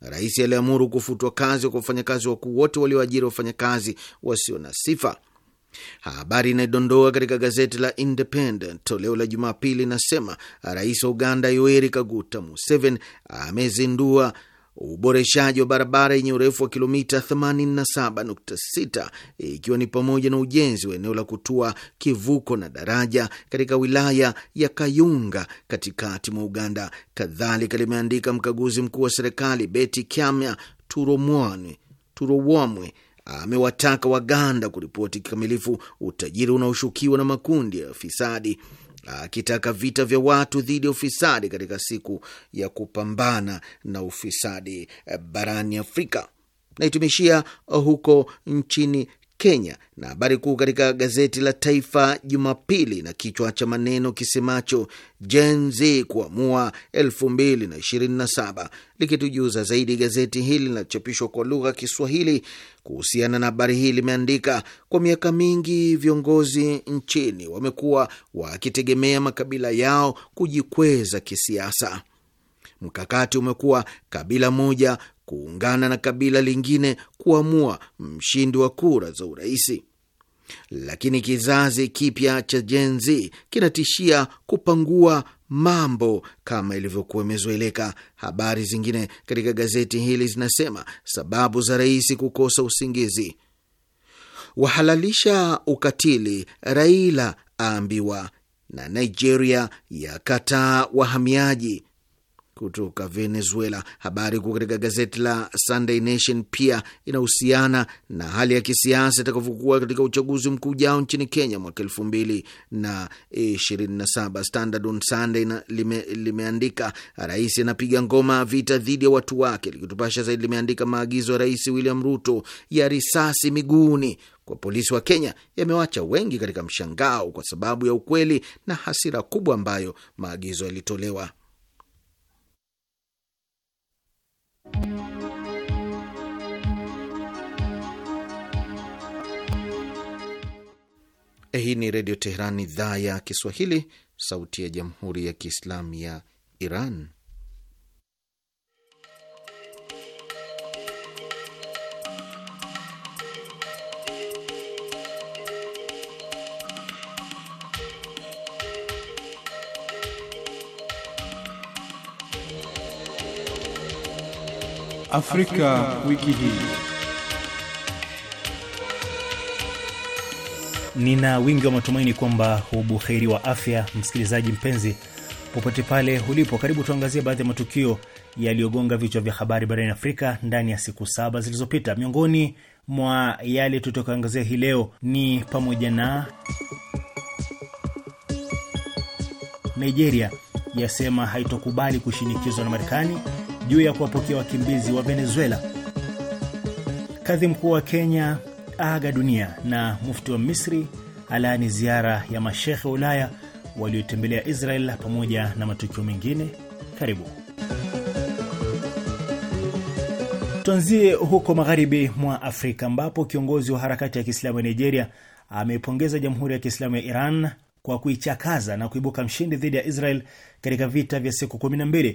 Rais aliamuru kufutwa kazi kwa wafanyakazi wakuu wote walioajiri wafanyakazi wasio na sifa. Habari inayodondoa katika gazeti la Independent toleo la Jumapili inasema rais wa Uganda Yoweri Kaguta Museveni amezindua uboreshaji wa barabara yenye urefu wa kilomita 87.6 ikiwa ni pamoja na ujenzi wa eneo la kutua kivuko na daraja katika wilaya ya Kayunga katikati mwa Uganda. Kadhalika limeandika mkaguzi mkuu wa serikali Beti Kyamya Turowamwe amewataka Waganda kuripoti kikamilifu utajiri unaoshukiwa na makundi ya fisadi akitaka vita vya watu dhidi ya ufisadi katika siku ya kupambana na ufisadi eh, barani Afrika. Naitumishia eh, huko nchini Kenya, na habari kuu katika gazeti la Taifa Jumapili na kichwa cha maneno kisemacho Gen Z kuamua 2027. Likitujuza zaidi, gazeti hili linachapishwa kwa lugha ya Kiswahili kuhusiana na habari hii limeandika, kwa miaka mingi viongozi nchini wamekuwa wakitegemea makabila yao kujikweza kisiasa. Mkakati umekuwa kabila moja kuungana na kabila lingine kuamua mshindi wa kura za uraisi. Lakini kizazi kipya cha Gen Z kinatishia kupangua mambo kama ilivyokuwa imezoeleka. Habari zingine katika gazeti hili zinasema sababu za rais kukosa usingizi, wahalalisha ukatili, Raila aambiwa, na Nigeria yakataa wahamiaji kutoka Venezuela. Habari kuu katika gazeti la Sunday Nation pia inahusiana na hali ya kisiasa itakavyokuwa katika uchaguzi mkuu ujao nchini Kenya mwaka elfu mbili na ishirini na saba. Standard on Sunday na lime, limeandika rais anapiga ngoma vita dhidi ya watu wake. Likitupasha zaidi limeandika maagizo ya Rais William Ruto ya risasi miguuni kwa polisi wa Kenya yamewacha wengi katika mshangao kwa sababu ya ukweli na hasira kubwa ambayo maagizo yalitolewa. Eh, hii ni Redio Teheran, idhaa ya Kiswahili, sauti ya Jamhuri ya Kiislamu ya Iran. Afrika, wiki hii. Nina wingi wa matumaini kwamba ubuheri wa afya, msikilizaji mpenzi, popote pale ulipo. Karibu tuangazie baadhi ya matukio yaliyogonga vichwa vya habari barani Afrika ndani ya siku saba zilizopita. Miongoni mwa yale tutakaangazia hii leo ni pamoja na Nigeria yasema haitokubali kushinikizwa na Marekani juu ya kuwapokea wakimbizi wa Venezuela. Kadhi mkuu wa Kenya aga dunia na mufti wa Misri alaani ziara ya mashekhe wa Ulaya waliotembelea Israel pamoja na matukio mengine. Karibu tuanzie huko magharibi mwa Afrika ambapo kiongozi wa harakati ya Kiislamu ya Nigeria ameipongeza Jamhuri ya Kiislamu ya Iran kwa kuichakaza na kuibuka mshindi dhidi ya Israel katika vita vya siku 12.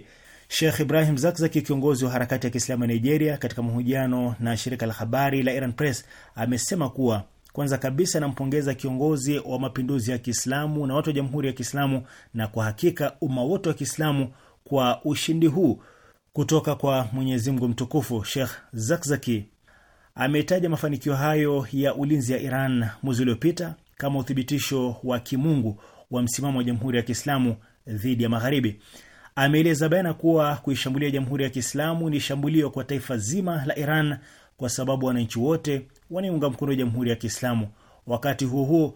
Sheikh Ibrahim Zakzaki, kiongozi wa harakati ya Kiislamu ya Nigeria, katika mahojiano na shirika la habari la Iran Press amesema kuwa kwanza kabisa anampongeza kiongozi wa mapinduzi ya Kiislamu na watu wa Jamhuri ya Kiislamu na kwa hakika umma wote wa Kiislamu kwa ushindi huu kutoka kwa Mwenyezi Mungu mtukufu. Sheikh Zakzaki ametaja mafanikio hayo ya ulinzi ya Iran mwezi uliopita kama uthibitisho wa kimungu wa msimamo wa Jamhuri ya Kiislamu dhidi ya Magharibi ameeleza bayana kuwa kuishambulia Jamhuri ya Kiislamu ni shambulio kwa taifa zima la Iran kwa sababu wananchi wote wanaiunga mkono Jamhuri ya Kiislamu. Wakati huo huo,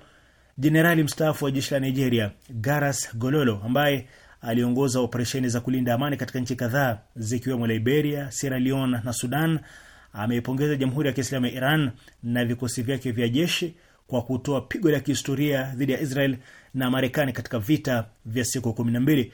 jenerali mstaafu wa jeshi la Nigeria Garas Gololo ambaye aliongoza operesheni za kulinda amani katika nchi kadhaa zikiwemo Liberia, Sierra Leone na Sudan ameipongeza Jamhuri ya Kiislamu ya Iran na vikosi vyake vya jeshi kwa kutoa pigo la kihistoria dhidi ya Israel na Marekani katika vita vya siku mbili.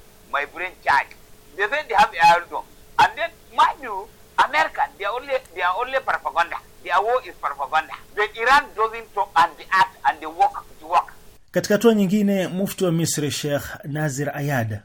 my brain charge. They then they have aerodrome. And then, mind you, America, they are only, they are only propaganda. Their war is propaganda. The Iran doesn't talk and they act and they work. they work. Katika hatua nyingine, mufti wa Misri Sheikh Nazir Ayad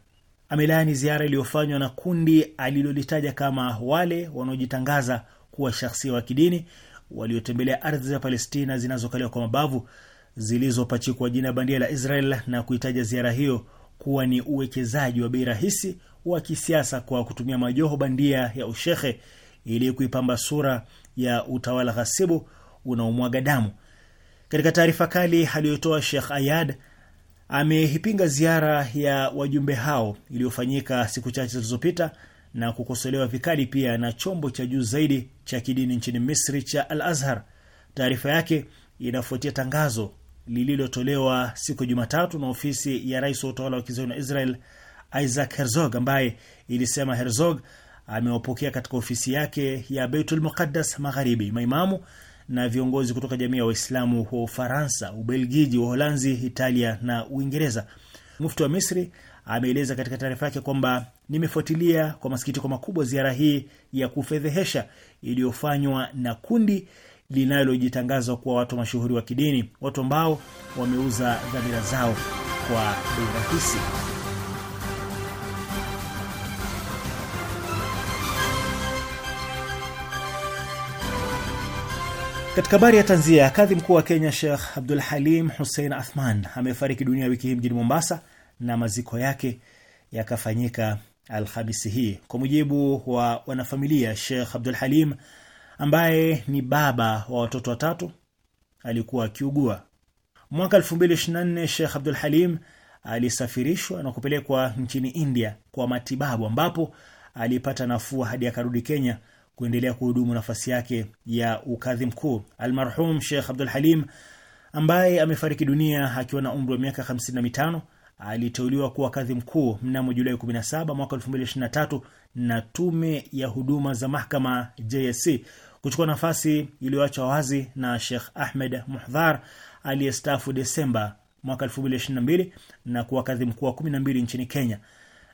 amelaani ziara iliyofanywa na kundi alilolitaja kama wale wanaojitangaza kuwa shahsia wa kidini waliotembelea ardhi za Palestina zinazokaliwa kwa mabavu zilizopachikwa jina bandia la Israel na kuitaja ziara hiyo kuwa ni uwekezaji wa bei rahisi wa kisiasa kwa kutumia majoho bandia ya ushehe ili kuipamba sura ya utawala ghasibu unaomwaga damu. Katika taarifa kali aliyotoa Sheikh Ayad ameipinga ziara ya wajumbe hao iliyofanyika siku chache zilizopita na kukosolewa vikali pia na chombo cha juu zaidi cha kidini nchini Misri cha Al Azhar. Taarifa yake inafuatia tangazo lililotolewa siku ya Jumatatu na ofisi ya rais wa utawala wa kizayuni wa Israel Isaac Herzog, ambaye ilisema Herzog amewapokea katika ofisi yake ya Beitul Muqaddas Magharibi maimamu na viongozi kutoka jamii ya Waislamu wa Ufaransa, Ubelgiji, Uholanzi, Italia na Uingereza. Mufti wa Misri ameeleza katika taarifa yake kwamba nimefuatilia kwa masikitiko makubwa ziara hii ya kufedhehesha iliyofanywa na kundi linalojitangaza kuwa watu mashuhuri wa kidini, watu ambao wameuza dhamira zao kwa bei rahisi. Katika habari ya tanzia, kadhi mkuu wa Kenya Sheikh Abdul Halim Hussein Athman amefariki dunia wiki hii mjini Mombasa na maziko yake yakafanyika Alhamisi hii. Kwa mujibu wa wanafamilia, Sheikh Abdul Halim ambaye ni baba wa watoto watatu alikuwa akiugua. Mwaka 2024 Sheikh Abdul Halim alisafirishwa na kupelekwa nchini India kwa matibabu, ambapo alipata nafuu hadi akarudi Kenya kuendelea kuhudumu nafasi yake ya ukadhi mkuu. Almarhum Sheikh Abdul Halim ambaye amefariki dunia akiwa na umri wa miaka 55 aliteuliwa kuwa kadhi mkuu mnamo Julai 17 mwaka 2023 na tume ya huduma za mahakama JSC kuchukua nafasi iliyoachwa wazi na Sheikh Ahmed Muhdhar aliyestaafu Desemba mwaka 2022 na kuwa kadhi mkuu wa 12 nchini Kenya.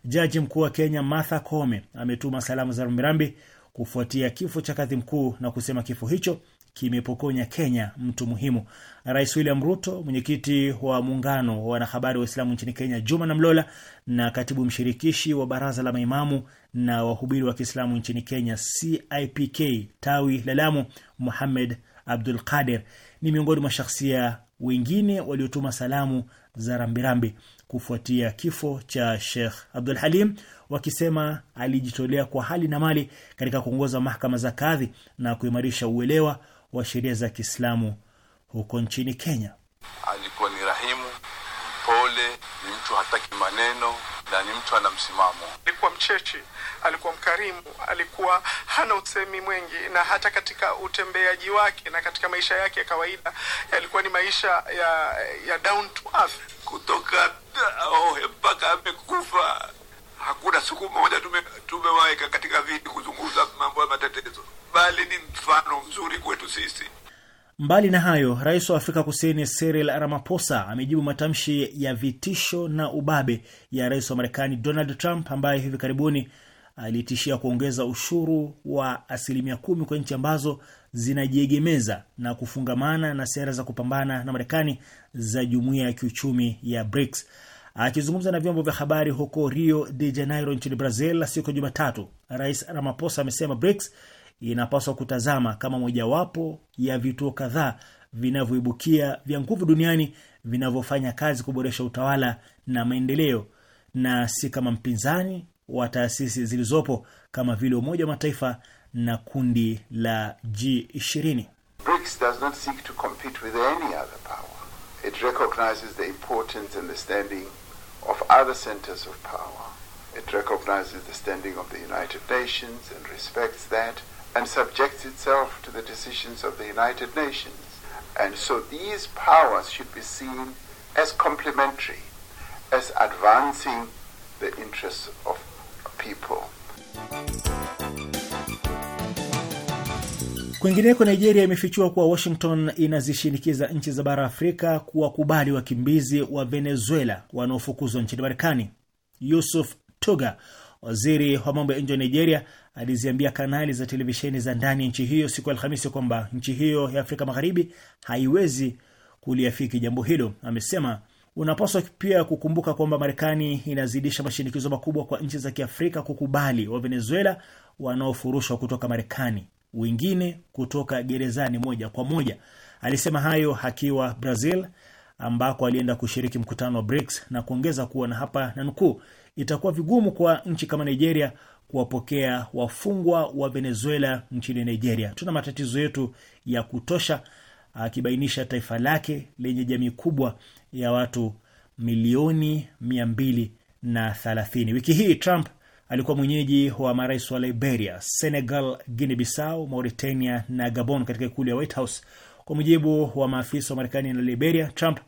Jaji mkuu wa Kenya Martha Koome ametuma salamu za rambirambi kufuatia kifo cha kadhi mkuu na kusema kifo hicho kimepokonya Kenya mtu muhimu. Rais William Ruto, mwenyekiti wa muungano wa wanahabari wa Islamu nchini Kenya Juma Namlola, na katibu mshirikishi wa baraza la maimamu na wahubiri wa Kiislamu nchini Kenya CIPK tawi la Lamu, Muhamed Abdul Qadir ni miongoni mwa shakhsia wengine waliotuma salamu za rambirambi kufuatia kifo cha Sheikh Abdul Halim, wakisema alijitolea kwa hali na mali katika kuongoza mahakama za kadhi na kuimarisha uelewa wa sheria za Kiislamu huko nchini Kenya. Alikuwa ni rahimu, pole, ni mtu hataki maneno na ni mtu ana msimamo. Alikuwa mchechi, alikuwa mkarimu, alikuwa hana usemi mwengi, na hata katika utembeaji wake na katika maisha yake ya kawaida yalikuwa ni maisha ya, ya down to earth. Kutoka ohe mpaka amekufa, hakuna siku moja tumewaweka tume katika viti kuzungumza mambo ya matetezo bali ni mfano mzuri kwetu sisi. Mbali na hayo, rais wa Afrika Kusini Cyril Ramaphosa amejibu matamshi ya vitisho na ubabe ya rais wa Marekani Donald Trump ambaye hivi karibuni alitishia kuongeza ushuru wa asilimia kumi kwa nchi ambazo zinajiegemeza na kufungamana na sera za kupambana na Marekani za jumuiya ya kiuchumi ya BRICS. Akizungumza na vyombo vya habari huko Rio de Janeiro nchini Brazil siku ya Jumatatu, Rais Ramaphosa amesema BRICS inapaswa kutazama kama mojawapo ya vituo kadhaa vinavyoibukia vya nguvu duniani vinavyofanya kazi kuboresha utawala na maendeleo na si kama mpinzani wa taasisi zilizopo kama vile Umoja wa Mataifa na kundi la G20. BRICS does not seek to compete with any other power. It recognizes the importance and the standing of other centers of power. It recognizes the standing of the United Nations and respects that and subjects itself to the decisions of the United Nations. And so these powers should be seen as complementary, as advancing the interests of people. Kwingineko, Nigeria imefichua kuwa Washington inazishinikiza nchi za bara Afrika kuwakubali wakimbizi wa Venezuela wanaofukuzwa nchini Marekani. Yusuf Tuga, waziri wa mambo ya nje wa Nigeria, aliziambia kanali za televisheni za ndani ya nchi hiyo siku ya Alhamisi kwamba nchi hiyo ya Afrika Magharibi haiwezi kuliafiki jambo hilo. Amesema unapaswa pia kukumbuka kwamba Marekani inazidisha mashinikizo makubwa kwa nchi za Kiafrika kukubali wa Venezuela wanaofurushwa kutoka Marekani, wengine kutoka gerezani moja kwa moja. Alisema hayo akiwa Brazil ambako alienda kushiriki mkutano wa BRICS na kuongeza kuwa na hapa na nukuu, itakuwa vigumu kwa nchi kama Nigeria kuwapokea wafungwa wa Venezuela nchini Nigeria. Tuna matatizo yetu ya kutosha, akibainisha taifa lake lenye jamii kubwa ya watu milioni mia mbili na thalathini. Wiki hii Trump alikuwa mwenyeji wa marais wa Liberia, Senegal, Guinea Bissau, Mauritania na Gabon katika ikulu ya White House. Kwa mujibu wa maafisa wa Marekani na Liberia, Trump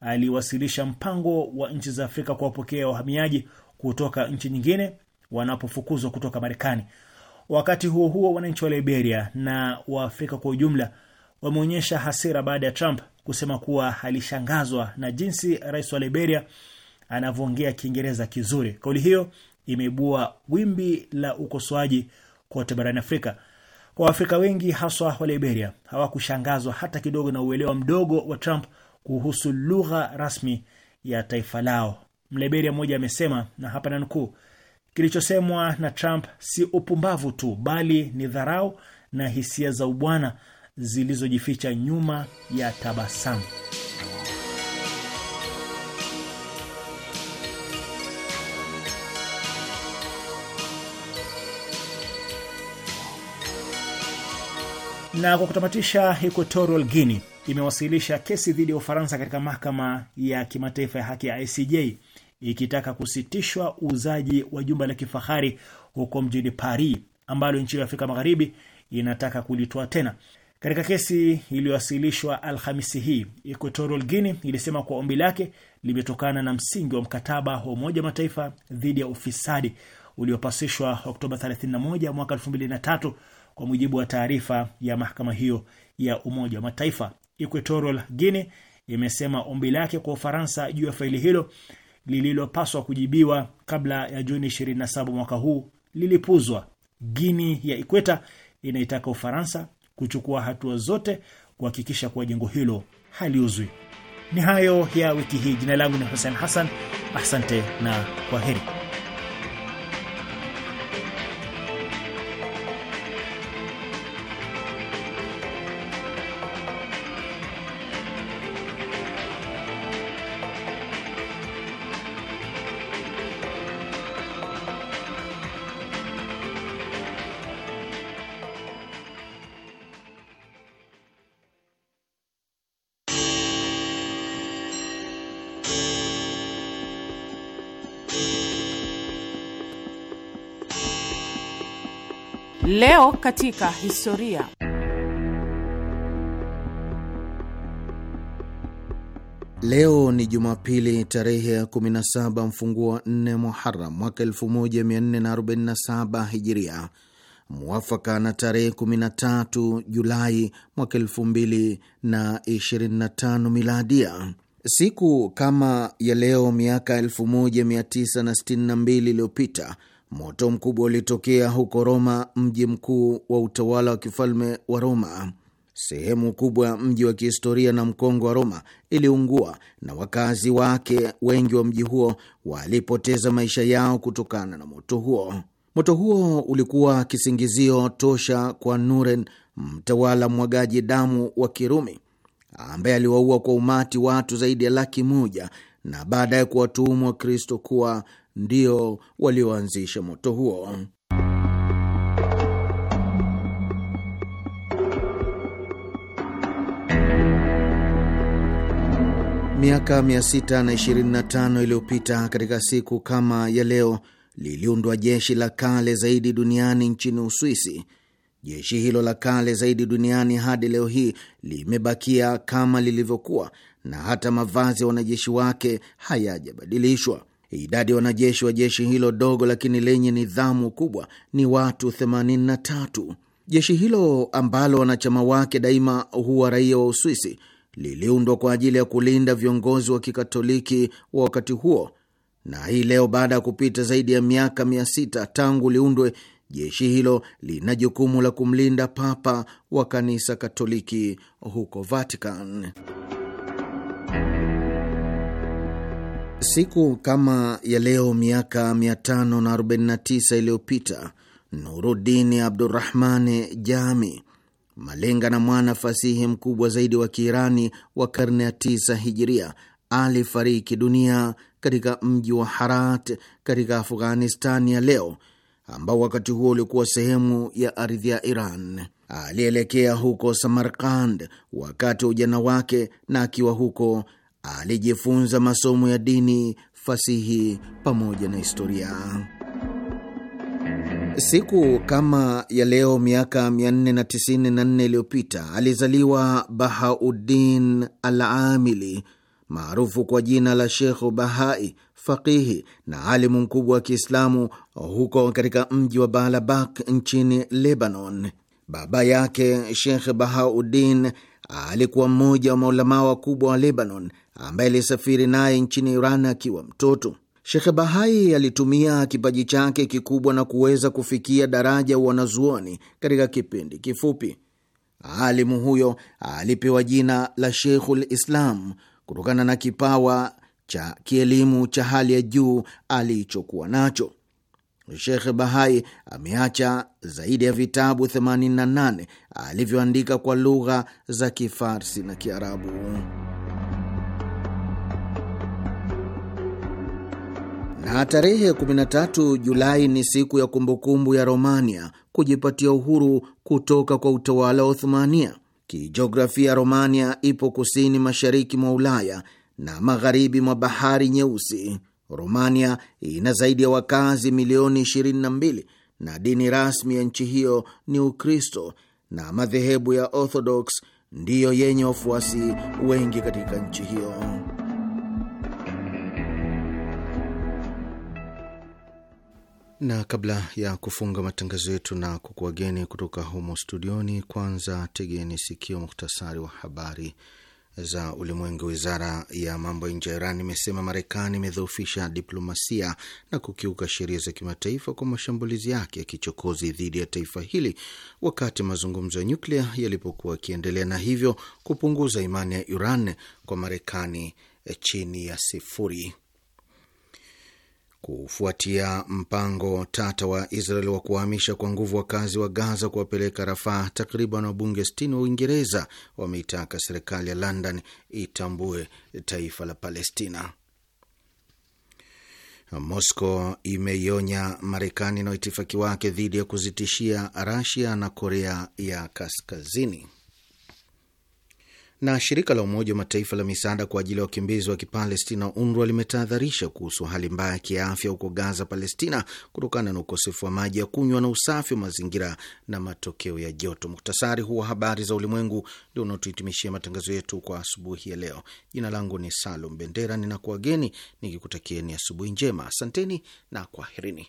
aliwasilisha mpango wa nchi za Afrika kuwapokea wahamiaji kutoka nchi nyingine wanapofukuzwa kutoka Marekani. Wakati huo huo, wananchi wa Liberia na Waafrika kwa ujumla wameonyesha hasira baada ya Trump kusema kuwa alishangazwa na jinsi rais wa Liberia anavyoongea Kiingereza kizuri. Kauli hiyo imeibua wimbi la ukosoaji kote barani Afrika. Kwa Waafrika wengi, haswa wa Liberia, hawakushangazwa hata kidogo na uelewa mdogo wa Trump kuhusu lugha rasmi ya taifa lao. Mliberia mmoja amesema, na hapa nanukuu, Kilichosemwa na Trump si upumbavu tu, bali ni dharau na hisia za ubwana zilizojificha nyuma ya tabasamu. Na kwa kutamatisha, Equatorial Guinea imewasilisha kesi dhidi ya Ufaransa katika mahakama ya kimataifa ya haki ya ICJ ikitaka kusitishwa uuzaji wa jumba la kifahari huko mjini Paris ambalo nchi ya Afrika Magharibi inataka kulitoa tena. Katika kesi iliyowasilishwa Alhamisi hii, Equatorial Guinea ilisema kwa ombi lake limetokana na msingi wa mkataba wa Umoja wa Mataifa dhidi ya ufisadi uliopasishwa Oktoba 31 mwaka 2003 kwa mujibu wa taarifa ya mahakama hiyo ya Umoja wa Mataifa. Equatorial Guinea imesema ombi lake kwa Ufaransa juu ya faili hilo lililopaswa kujibiwa kabla ya Juni 27 mwaka huu lilipuzwa. Guini ya Ikweta inaitaka Ufaransa kuchukua hatua zote kuhakikisha kuwa jengo hilo haliuzwi. Ni hayo ya wiki hii. Jina langu ni Hussein Hassan, asante na kwa heri Leo katika historia. Leo ni Jumapili tarehe ya 17 mfunguo wa 4 Muharam mwaka 1447 Hijiria, muwafaka na tarehe 13 Julai mwaka 2025 Miladia. Siku kama ya leo miaka 1962 iliyopita Moto mkubwa ulitokea huko Roma, mji mkuu wa utawala wa kifalme wa Roma. Sehemu kubwa ya mji wa kihistoria na mkongo wa Roma iliungua na wakazi wake wengi wa mji huo walipoteza maisha yao kutokana na moto huo. Moto huo ulikuwa kisingizio tosha kwa Nuren, mtawala mwagaji damu wa Kirumi, ambaye aliwaua kwa umati watu zaidi ya laki moja na baadaye kuwatuhumu Wakristo kuwa ndio walioanzisha moto huo. Miaka 625 iliyopita katika siku kama ya leo liliundwa jeshi la kale zaidi duniani nchini Uswisi. Jeshi hilo la kale zaidi duniani hadi leo hii limebakia kama lilivyokuwa, na hata mavazi ya wanajeshi wake hayajabadilishwa. Idadi ya wanajeshi wa jeshi hilo dogo lakini lenye nidhamu kubwa ni watu 83. Jeshi hilo ambalo wanachama wake daima huwa raia wa Uswisi liliundwa kwa ajili ya kulinda viongozi wa kikatoliki wa wakati huo, na hii leo baada ya kupita zaidi ya miaka mia sita tangu liundwe, jeshi hilo lina jukumu la kumlinda papa wa kanisa Katoliki huko Vatican. Siku kama ya leo miaka 549 iliyopita Nurudini Abdurrahmani Jami, malenga na mwana fasihi mkubwa zaidi wa Kiirani wa karne ya 9 Hijiria, alifariki dunia katika mji wa Harat katika Afghanistani ya leo, ambao wakati huo ulikuwa sehemu ya ardhi ya Iran. Alielekea huko Samarkand wakati wa ujana wake, na akiwa huko alijifunza masomo ya dini, fasihi pamoja na historia. Siku kama ya leo miaka 494 iliyopita alizaliwa Bahauddin Al-Amili maarufu kwa jina la Shekhu Bahai, faqihi na alimu mkubwa wa Kiislamu huko katika mji wa Baalabak nchini Lebanon. Baba yake Shekh Bahauddin alikuwa mmoja wa maulamaa wakubwa wa Lebanon ambaye alisafiri naye nchini Iran akiwa mtoto. Shekhe Bahai alitumia kipaji chake kikubwa na kuweza kufikia daraja wanazuoni katika kipindi kifupi. Alimu huyo alipewa jina la Sheikhul Islam kutokana na kipawa cha kielimu cha hali ya juu alichokuwa nacho. Shekh Bahai ameacha zaidi ya vitabu 88 alivyoandika kwa lugha za Kifarsi na Kiarabu. na tarehe 13 Julai ni siku ya kumbukumbu ya Romania kujipatia uhuru kutoka kwa utawala wa Uthumania. Kijiografia, Romania ipo kusini mashariki mwa Ulaya na magharibi mwa bahari Nyeusi. Romania ina zaidi ya wakazi milioni 22 na dini rasmi ya nchi hiyo ni Ukristo na madhehebu ya Orthodox ndiyo yenye wafuasi wengi katika nchi hiyo. na kabla ya kufunga matangazo yetu na kukuwageni kutoka humo studioni, kwanza tegeni sikio muhtasari wa habari za ulimwengu. Wizara ya mambo ya nje ya Iran imesema Marekani imedhoofisha diplomasia na kukiuka sheria za kimataifa kwa mashambulizi yake ya kichokozi dhidi ya taifa hili wakati mazungumzo ya nyuklia yalipokuwa yakiendelea, na hivyo kupunguza imani ya Iran kwa Marekani chini ya sifuri kufuatia mpango tata wa Israel wa kuwahamisha kwa nguvu wakazi wa Gaza kuwapeleka Rafaa. Takriban wabunge sitini wa Uingereza wameitaka serikali ya London itambue taifa la Palestina. mosco imeionya Marekani na waitifaki wake dhidi ya kuzitishia Rasia na Korea ya Kaskazini. Na shirika la Umoja wa Mataifa la misaada kwa ajili ya wakimbizi wa Kipalestina, UNRWA, limetahadharisha kuhusu hali mbaya ya kiafya huko Gaza, Palestina, kutokana na ukosefu wa maji ya kunywa na usafi wa mazingira na matokeo ya joto. Muktasari huu wa habari za ulimwengu ndio unaotuhitimishia matangazo yetu kwa asubuhi ya leo. Jina langu ni Salum Bendera, ninakuwageni nikikutakieni asubuhi njema. Asanteni na kwaherini.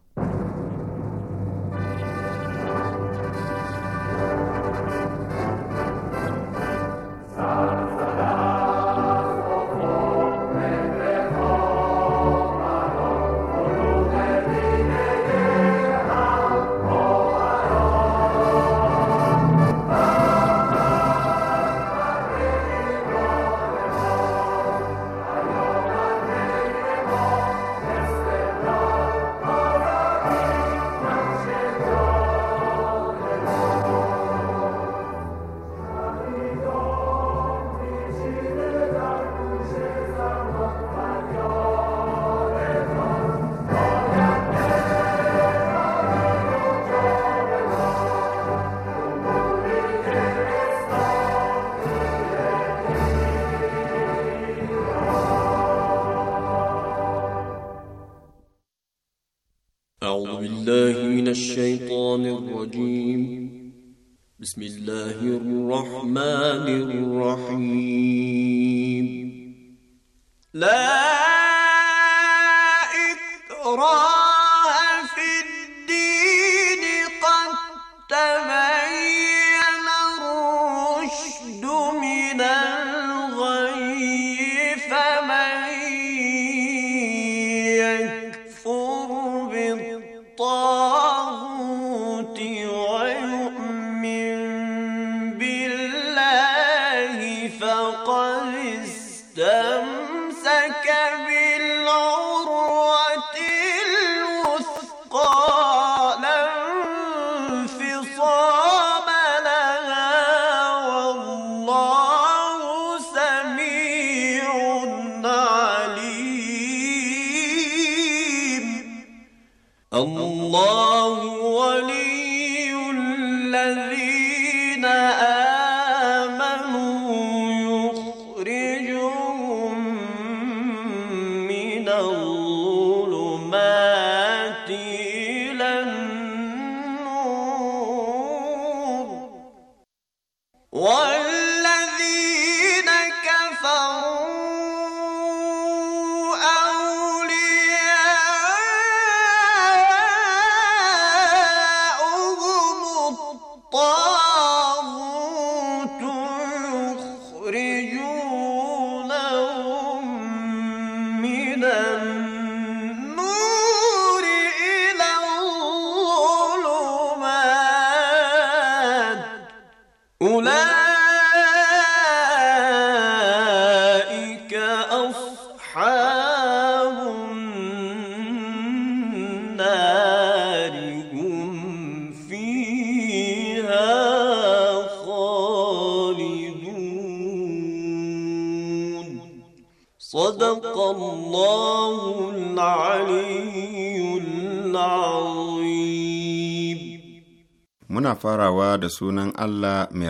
da sunan Allah mai